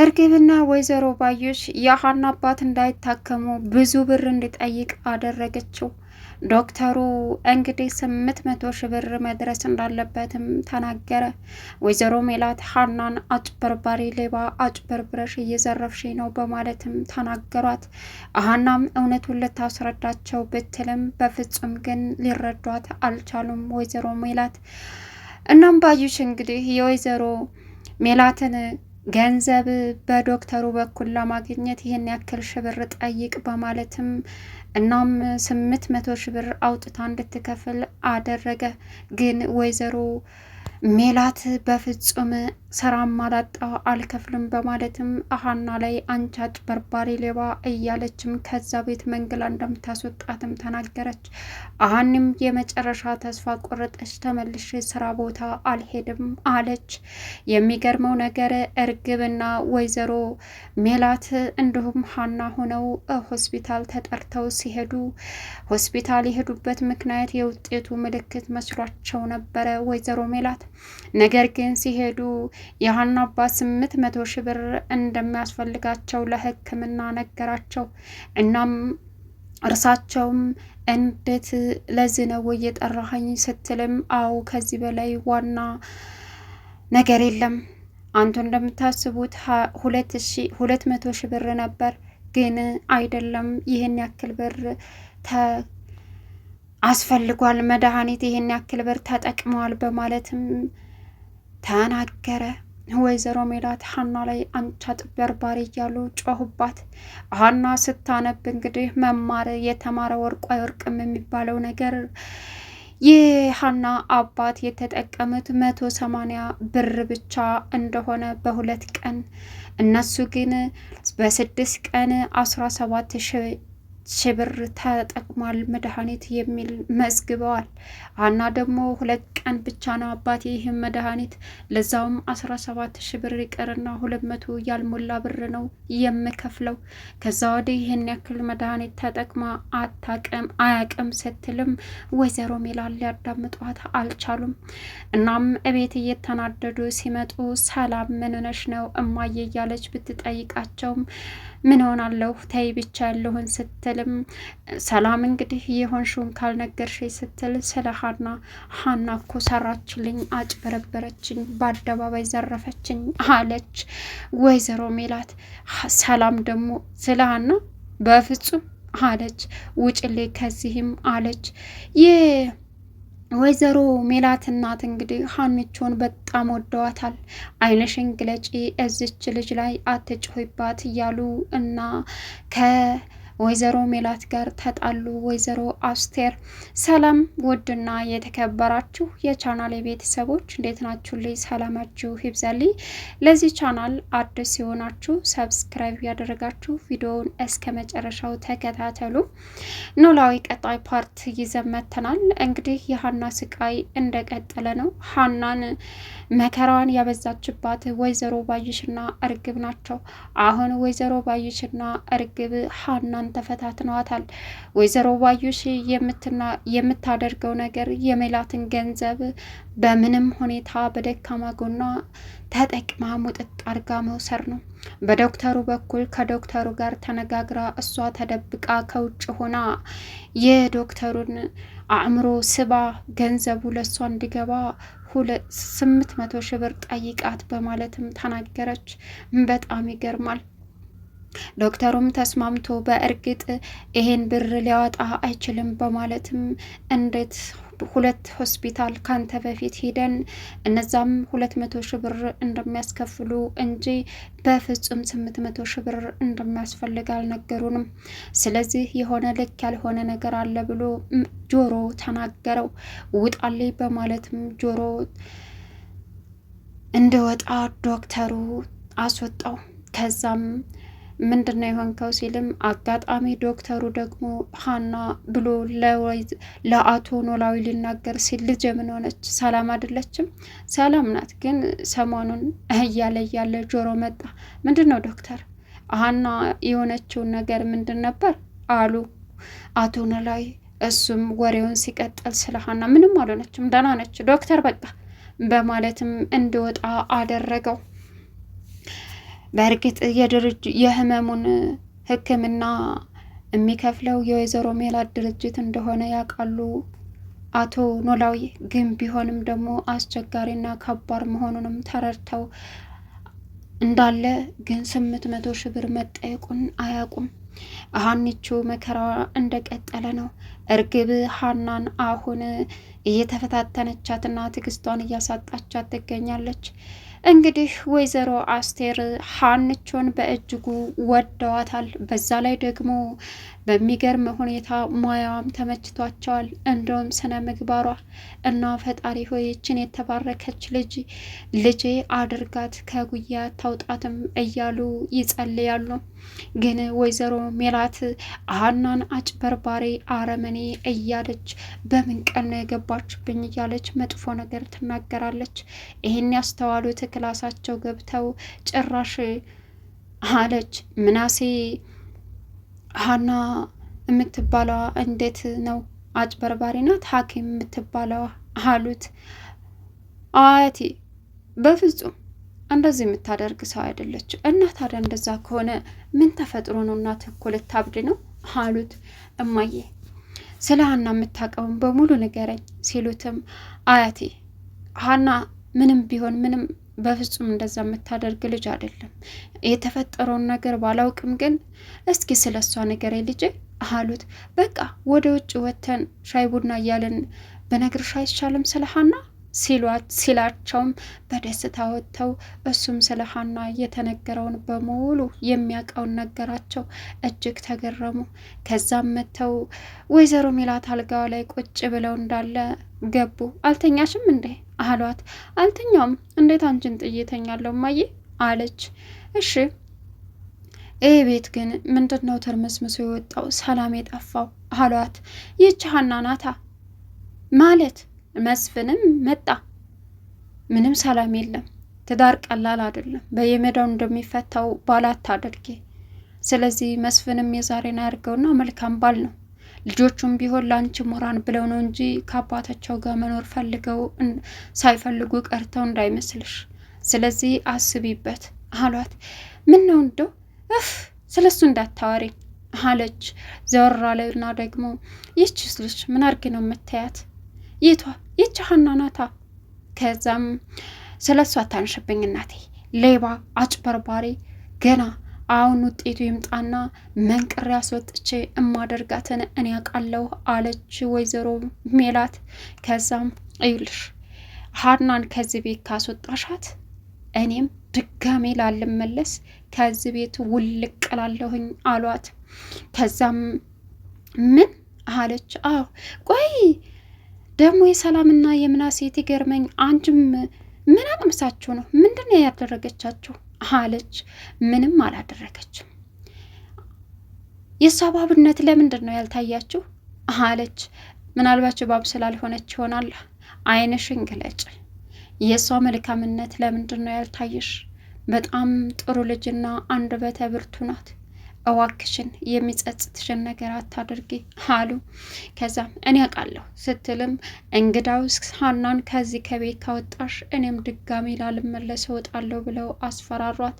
እርግብና ወይዘሮ ባዮሽ የሀና አባት እንዳይታከሙ ብዙ ብር እንዲጠይቅ አደረገችው። ዶክተሩ እንግዲህ ስምንት መቶ ሺህ ብር መድረስ እንዳለበትም ተናገረ። ወይዘሮ ሜላት ሀናን አጭበርባሪ፣ ሌባ አጭበርብረሽ እየዘረፍሽ ነው በማለትም ተናገሯት። ሀናም እውነቱን ልታስረዳቸው ብትልም በፍጹም ግን ሊረዷት አልቻሉም ወይዘሮ ሜላት። እናም ባዩሽ እንግዲህ የወይዘሮ ሜላትን ገንዘብ በዶክተሩ በኩል ለማግኘት ይህን ያክል ሽብር ብር ጠይቅ በማለትም እናም ስምንት መቶ ሺህ ብር አውጥታ እንድትከፍል አደረገ። ግን ወይዘሮ ሜላት በፍጹም ስራም አላጣ አልከፍልም በማለትም አሀና ላይ አንቺ አጭበርባሪ ሌባ እያለችም ከዛ ቤት መንግላ እንደምታስወጣትም ተናገረች። አሀንም የመጨረሻ ተስፋ ቆረጠች። ተመልሽ ስራ ቦታ አልሄድም አለች። የሚገርመው ነገር እርግብና ወይዘሮ ሜላት እንዲሁም ሀና ሆነው ሆስፒታል ተጠርተው ሲሄዱ ሆስፒታል የሄዱበት ምክንያት የውጤቱ ምልክት መስሏቸው ነበረ ወይዘሮ ሜላት ነገር ግን ሲሄዱ የሀና አባት ስምንት መቶ ሺህ ብር እንደሚያስፈልጋቸው ለሕክምና ነገራቸው። እናም እርሳቸውም እንዴት ለዚህ ነው እየጠራኸኝ? ስትልም፣ አው ከዚህ በላይ ዋና ነገር የለም አንቱ እንደምታስቡት ሁለት መቶ ሺህ ብር ነበር ግን አይደለም ይህን ያክል ብር አስፈልጓል መድኃኒት ይህን ያክል ብር ተጠቅመዋል በማለትም ተናገረ። ወይዘሮ ሜላት ሀና ላይ አንቺ አጭበርባሪ እያሉ ጮሁባት። ሀና ስታነብ እንግዲህ መማር የተማረ ወርቁ አይወርቅም የሚባለው ነገር የሀና አባት የተጠቀሙት መቶ ሰማኒያ ብር ብቻ እንደሆነ በሁለት ቀን እነሱ ግን በስድስት ቀን አስራ ሰባት ሺህ ሺህ ብር ተጠቅሟል መድኃኒት የሚል መዝግበዋል። አና ደግሞ ሁለት ቀን ብቻ ነው አባቴ ይህም መድኃኒት ለዛውም አስራ ሰባት ሺህ ብር ይቀርና ሁለት መቶ ያልሞላ ብር ነው የምከፍለው። ከዛ ወዲህ ይህን ያክል መድኃኒት ተጠቅማ አታቅም አያቅም ስትልም ወይዘሮ ሜላን ሊያዳምጧት አልቻሉም። እናም እቤት እየተናደዱ ሲመጡ ሰላም ምንነሽ ነው እማዬ እያለች ብትጠይቃቸውም ምን ሆናለሁ ተይ ብቻ ያለሁን ስትልም ሰላም እንግዲህ የሆንሽውን ካልነገርሽ ስትል ስለ ሀና ሀና እኮ ሰራችልኝ፣ አጭበረበረችኝ፣ በአደባባይ ዘረፈችኝ አለች ወይዘሮ ሜላት። ሰላም ደግሞ ስለ ሀና በፍጹም አለች፣ ውጭሌ ከዚህም አለች። ወይዘሮ ሜላት እናት እንግዲህ ሀንቾን በጣም ወደዋታል። ዓይንሽን ግለጪ እዚች ልጅ ላይ አትጮሂባት እያሉ እና ከ ወይዘሮ ሜላት ጋር ተጣሉ። ወይዘሮ አስቴር ሰላም። ውድና የተከበራችሁ የቻናል የቤተሰቦች እንዴት ናችሁልኝ? ሰላማችሁ ይብዛልኝ። ለዚህ ቻናል አዲስ የሆናችሁ ሰብስክራይብ ያደረጋችሁ ቪዲዮውን እስከ መጨረሻው ተከታተሉ። ኖላዊ ቀጣይ ፓርት ይዘመተናል። እንግዲህ የሀና ስቃይ እንደቀጠለ ነው። ሀናን መከራዋን ያበዛችባት ወይዘሮ ባዩሽና እርግብ ናቸው። አሁን ወይዘሮ ባዩሽና እርግብ ሀናን ተፈታትነዋታል። ወይዘሮ ባዩሽ የምታደርገው ነገር የሜላትን ገንዘብ በምንም ሁኔታ በደካማ ጎኗ ተጠቅማ ሙጥጥ አርጋ መውሰር ነው። በዶክተሩ በኩል ከዶክተሩ ጋር ተነጋግራ እሷ ተደብቃ ከውጭ ሆና የዶክተሩን አእምሮ ስባ ገንዘቡ ለእሷ እንዲገባ ስምንት መቶ ሺህ ብር ጠይቃት በማለትም ተናገረች። በጣም ይገርማል። ዶክተሩም ተስማምቶ በእርግጥ ይሄን ብር ሊያወጣ አይችልም በማለትም እንዴት ሁለት ሆስፒታል ካንተ በፊት ሄደን እነዛም ሁለት መቶ ሺህ ብር እንደሚያስከፍሉ እንጂ በፍጹም ስምንት መቶ ሺህ ብር እንደሚያስፈልግ አልነገሩንም። ስለዚህ የሆነ ልክ ያልሆነ ነገር አለ ብሎ ጆሮ ተናገረው። ውጣሌ በማለትም ጆሮ እንደወጣ ዶክተሩ አስወጣው። ከዛም ምንድነው የሆንከው ሲልም አጋጣሚ ዶክተሩ ደግሞ ሀና ብሎ ለአቶ ኖላዊ ሊናገር ሲል ልጄ ምን ሆነች? ሰላም አይደለችም? ሰላም ናት፣ ግን ሰሞኑን እያለ እያለ ጆሮ መጣ። ምንድን ነው ዶክተር ሀና የሆነችውን ነገር ምንድን ነበር አሉ አቶ ኖላዊ። እሱም ወሬውን ሲቀጥል ስለ ሀና ምንም አልሆነችም፣ ደህና ነች ዶክተር በቃ በማለትም እንዲወጣ አደረገው። በእርግጥ የድርጅ የህመሙን ህክምና የሚከፍለው የወይዘሮ ሜላት ድርጅት እንደሆነ ያውቃሉ አቶ ኖላዊ። ግን ቢሆንም ደግሞ አስቸጋሪና ከባድ መሆኑንም ተረድተው እንዳለ ግን ስምንት መቶ ሺህ ብር መጠየቁን አያውቁም። ሀኒቹ መከራዋ እንደቀጠለ ነው። እርግብ ሀናን አሁን እየተፈታተነቻትና ትግስቷን እያሳጣቻት ትገኛለች። እንግዲህ ወይዘሮ አስቴር ሀንቾን በእጅጉ ወደዋታል። በዛ ላይ ደግሞ በሚገርም ሁኔታ ሙያዋም ተመችቷቸዋል፣ እንደውም ስነ ምግባሯ እና ፈጣሪ ሆይችን የተባረከች ልጅ ልጄ አድርጋት ከጉያ ታውጣትም እያሉ ይጸልያሉ። ግን ወይዘሮ ሜላት ሀናን አጭበርባሪ፣ አረመኔ እያለች በምን ቀን ነው የገባችብኝ እያለች መጥፎ ነገር ትናገራለች። ይህን ያስተዋሉት ክላሳቸው ገብተው ጭራሽ አለች ምናሴ ሀና የምትባለዋ እንዴት ነው አጭበርባሪ ናት ሐኪም የምትባለዋ አሉት። አያቴ በፍጹም እንደዚህ የምታደርግ ሰው አይደለች እና ታዲያ እንደዛ ከሆነ ምን ተፈጥሮ ነው እናት እኮ ልታብድ ነው አሉት። እማዬ ስለ ሀና የምታውቀውን በሙሉ ንገረኝ ሲሉትም አያቴ ሀና ምንም ቢሆን ምንም በፍጹም እንደዛ የምታደርግ ልጅ አይደለም። የተፈጠረውን ነገር ባላውቅም ግን እስኪ ስለ እሷ ንገረኝ ልጅ አሉት። በቃ ወደ ውጭ ወጥተን ሻይ ቡና እያለን ብነግርሽ አይቻልም ስለ ሀና ሲላቸውም በደስታ ወጥተው እሱም ስለ ሀና የተነገረውን በሙሉ የሚያውቀውን ነገራቸው። እጅግ ተገረሙ። ከዛም መጥተው ወይዘሮ ሚላት አልጋዋ ላይ ቁጭ ብለው እንዳለ ገቡ። አልተኛሽም እንዴ አሏት። አልተኛውም፣ እንዴት አንቺን ጥይተኛለሁ እማዬ አለች። እሺ ይህ ቤት ግን ምንድን ነው ተርመስምሶ የወጣው ሰላም የጠፋው አሏት። ይች ሀና ናታ ማለት መስፍንም መጣ። ምንም ሰላም የለም። ትዳር ቀላል አይደለም። በየሜዳው እንደሚፈታው ባላት አታድርጊ። ስለዚህ መስፍንም የዛሬን አያድርገውና መልካም ባል ነው። ልጆቹም ቢሆን ለአንቺ ሞራን ብለው ነው እንጂ ከአባታቸው ጋር መኖር ፈልገው ሳይፈልጉ ቀርተው እንዳይመስልሽ። ስለዚህ አስቢበት አሏት። ምን ነው እንደው እፍ ስለ እሱ እንዳታዋሪ አለች። ዘወራ ላይና ደግሞ ይህችስ ልጅ ምን አድርጌ ነው የምታያት ይቷ ይች ሀና ናታ። ከዛም ስለ እሷ አታንሽብኝ እናቴ፣ ሌባ አጭበርባሪ፣ ገና አሁን ውጤቱ ይምጣና መንቅሬ አስወጥቼ እማደርጋትን እኔ አውቃለሁ አለች ወይዘሮ ሜላት። ከዛም እዩልሽ ሀናን ከዚህ ቤት ካስወጣሻት እኔም ድጋሜ ላልመለስ ከዚህ ቤት ውልቅ ላለሁኝ አሏት። ከዛም ምን አለች? አዎ ቆይ ደግሞ የሰላምና የምናሴ ትገርመኝ አንጅም ምን አቅምሳችሁ ነው? ምንድን ነው ያደረገቻችሁ? አለች። ምንም አላደረገችም። የእሷ ባብነት ለምንድን ነው ያልታያችሁ? አለች። ምናልባች ባብ ስላልሆነች ይሆናል። ዓይንሽን ግለጭ። የእሷ መልካምነት ለምንድን ነው ያልታየሽ? በጣም ጥሩ ልጅና አንድ ብርቱ ናት። እዋክሽን የሚጸጽትሽን ነገር አታድርጊ አሉ። ከዛም እኔ አውቃለሁ ስትልም እንግዳውስ ሀናን ከዚህ ከቤት ካወጣሽ እኔም ድጋሚ ላልመለስ እወጣለሁ ብለው አስፈራሯት።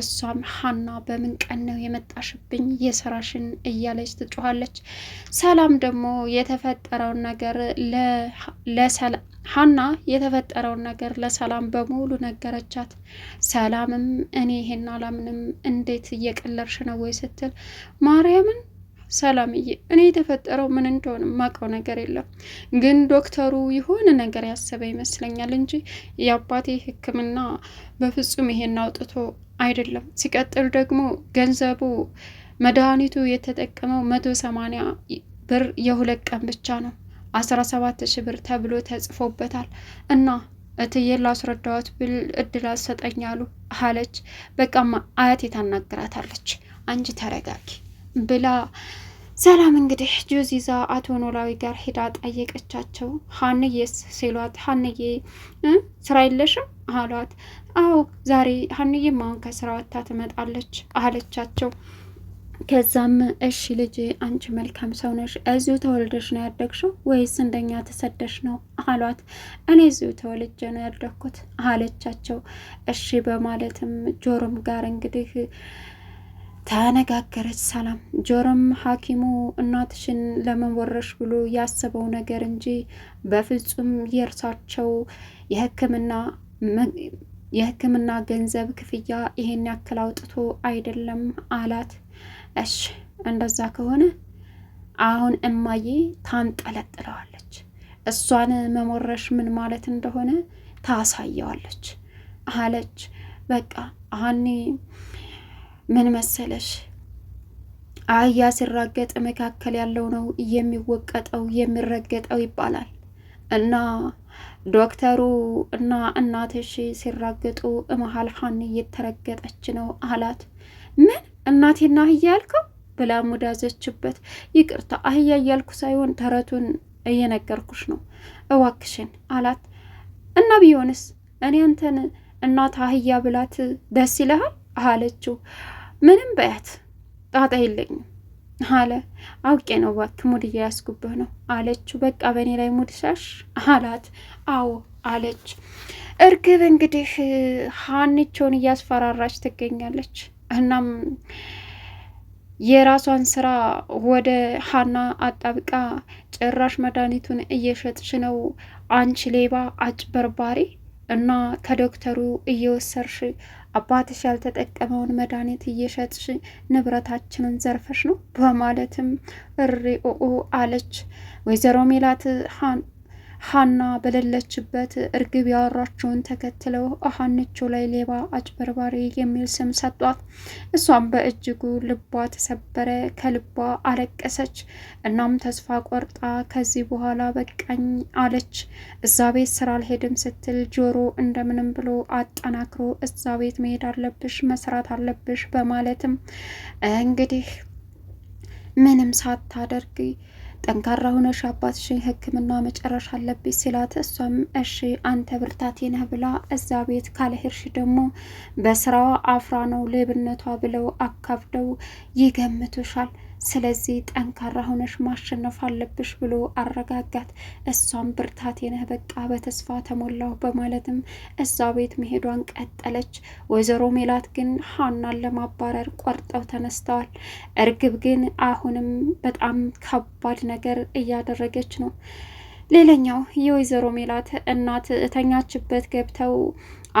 እሷም ሀና በምን ቀን ነው የመጣሽብኝ የስራሽን እያለች ትጮኋለች። ሰላም ደግሞ የተፈጠረውን ነገር ለሰላም ሀና የተፈጠረውን ነገር ለሰላም በሙሉ ነገረቻት። ሰላምም እኔ ይሄን አላምንም፣ እንዴት እየቀለርሽ ነው ወይ ስትል ማርያምን ሰላምዬ እኔ የተፈጠረው ምን እንደሆነ የማውቀው ነገር የለም፣ ግን ዶክተሩ የሆነ ነገር ያሰበ ይመስለኛል እንጂ የአባቴ ሕክምና በፍጹም ይሄን አውጥቶ አይደለም። ሲቀጥል ደግሞ ገንዘቡ መድኃኒቱ የተጠቀመው መቶ ሰማንያ ብር የሁለት ቀን ብቻ ነው። 17 ሺ ብር ተብሎ ተጽፎበታል እና እትዬ ላስረዳዋት ብል እድል አሰጠኝ አሉ አለች። በቃማ አያቴ ታናግራታለች፣ አንቺ ተረጋጊ ብላ ሰላም እንግዲህ ጆዝ ይዛ አቶ ኖላዊ ጋር ሄዳ ጠየቀቻቸው። ሀንዬስ ሲሏት ሀንዬ ስራ የለሽም አሏት። አዎ ዛሬ ሀንዬ ማሁን ከስራ ወታ ትመጣለች አለቻቸው። ከዛም እሺ ልጅ አንቺ መልካም ሰው ነሽ፣ እዚሁ ተወልደሽ ነው ያደግሽው ወይስ እንደኛ ተሰደሽ ነው አሏት። እኔ እዚሁ ተወልጄ ነው ያደግኩት አለቻቸው። እሺ በማለትም ጆሮም ጋር እንግዲህ ተነጋገረች ሰላም። ጆሮም ሐኪሙ እናትሽን ለመወረሽ ብሎ ያሰበው ነገር እንጂ በፍጹም የእርሳቸው የሕክምና የሕክምና ገንዘብ ክፍያ ይሄን ያክል አውጥቶ አይደለም አላት። እሺ እንደዛ ከሆነ አሁን እማዬ ታንጠለጥለዋለች። እሷን መሞረሽ ምን ማለት እንደሆነ ታሳየዋለች አለች። በቃ አሀኒ ምን መሰለሽ አህያ ሲራገጥ መካከል ያለው ነው የሚወቀጠው የሚረገጠው ይባላል። እና ዶክተሩ እና እናትሽ ሲራገጡ መሀል ሀን እየተረገጠች ነው አላት። ምን እናቴና አህያ ያልከው ብላ ሙዳዘችበት። ይቅርታ አህያ እያልኩ ሳይሆን ተረቱን እየነገርኩሽ ነው እዋክሽን አላት። እና ቢሆንስ እኔ አንተን እናት አህያ ብላት ደስ ይልሃል አለችው። ምንም በያት ጣጣ የለኝም አለ። አውቄ ነው ባት ሙድ እያያስጉብህ ነው አለችው። በቃ በእኔ ላይ ሙድ ሻሽ አላት። አዎ አለች። እርግብ እንግዲህ ሀንቾን እያስፈራራች ትገኛለች። እናም የራሷን ስራ ወደ ሀና አጣብቃ ጭራሽ መድኃኒቱን እየሸጥሽ ነው አንቺ ሌባ አጭበርባሪ እና ከዶክተሩ እየወሰርሽ አባትሽ ያልተጠቀመውን መድኃኒት እየሸጥሽ ንብረታችንን ዘርፈሽ ነው በማለትም እሪ አለች። ወይዘሮ ሜላት ሀና በሌለችበት እርግብ ያወራችውን ተከትለው ሀኒቾ ላይ ሌባ፣ አጭበርባሪ የሚል ስም ሰጧት። እሷም በእጅጉ ልቧ ተሰበረ፣ ከልቧ አለቀሰች። እናም ተስፋ ቆርጣ ከዚህ በኋላ በቃኝ አለች። እዛ ቤት ስራ አልሄድም ስትል ጆሮ እንደምንም ብሎ አጠናክሮ እዛ ቤት መሄድ አለብሽ፣ መስራት አለብሽ በማለትም እንግዲህ ምንም ሳታደርግ ጠንካራ ሆነሽ አባትሽን ሕክምና መጨረሻ አለብኝ ሲላት እሷም እሺ አንተ ብርታቴ ነህ ብላ እዛ ቤት ካልሄድሽ ደግሞ በስራዋ አፍራ ነው ሌብነቷ ብለው አካብደው ይገምቱሻል። ስለዚህ ጠንካራ ሆነሽ ማሸነፍ አለብሽ ብሎ አረጋጋት። እሷም ብርታት የነህ በቃ በተስፋ ተሞላሁ በማለትም እዛ ቤት መሄዷን ቀጠለች። ወይዘሮ ሜላት ግን ሀናን ለማባረር ቆርጠው ተነስተዋል። እርግብ ግን አሁንም በጣም ከባድ ነገር እያደረገች ነው። ሌላኛው የወይዘሮ ሜላት እናት እተኛችበት ገብተው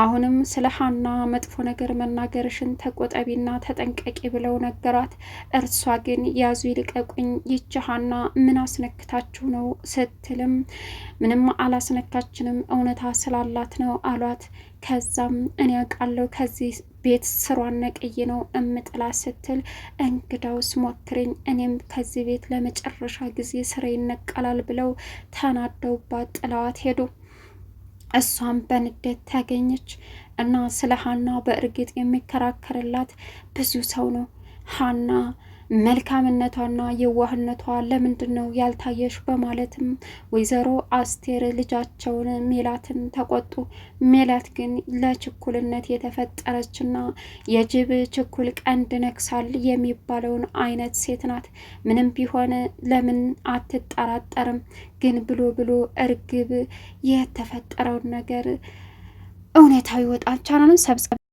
አሁንም ስለ ሀና መጥፎ ነገር መናገርሽን ተቆጠቢና ተጠንቀቂ ብለው ነገራት። እርሷ ግን ያዙ ይልቀቁኝ፣ ይች ሀና ምን አስነክታችሁ ነው ስትልም ምንም አላስነካችንም እውነታ ስላላት ነው አሏት። ከዛም እኔ ያውቃለሁ ከዚህ ቤት ስሯን ነቅዬ ነው እምጥላ ስትል እንግዳውስ ሞክርኝ፣ እኔም ከዚህ ቤት ለመጨረሻ ጊዜ ስራ ይነቀላል ብለው ተናደውባት ጥለዋት ሄዱ። እሷም በንዴት ታገኘች እና ስለ ሀና በእርግጥ የሚከራከርላት ብዙ ሰው ነው ሀና መልካምነቷና የዋህነቷ ለምንድን ነው ያልታየሽ? በማለትም ወይዘሮ አስቴር ልጃቸውን ሜላትን ተቆጡ። ሜላት ግን ለችኩልነት የተፈጠረችና የጅብ ችኩል ቀንድ ነክሳል የሚባለውን አይነት ሴት ናት። ምንም ቢሆን ለምን አትጠራጠርም? ግን ብሎ ብሎ እርግብ የተፈጠረውን ነገር እውነታዊ ይወጣል። ቻናሉን ሰብስክራይብ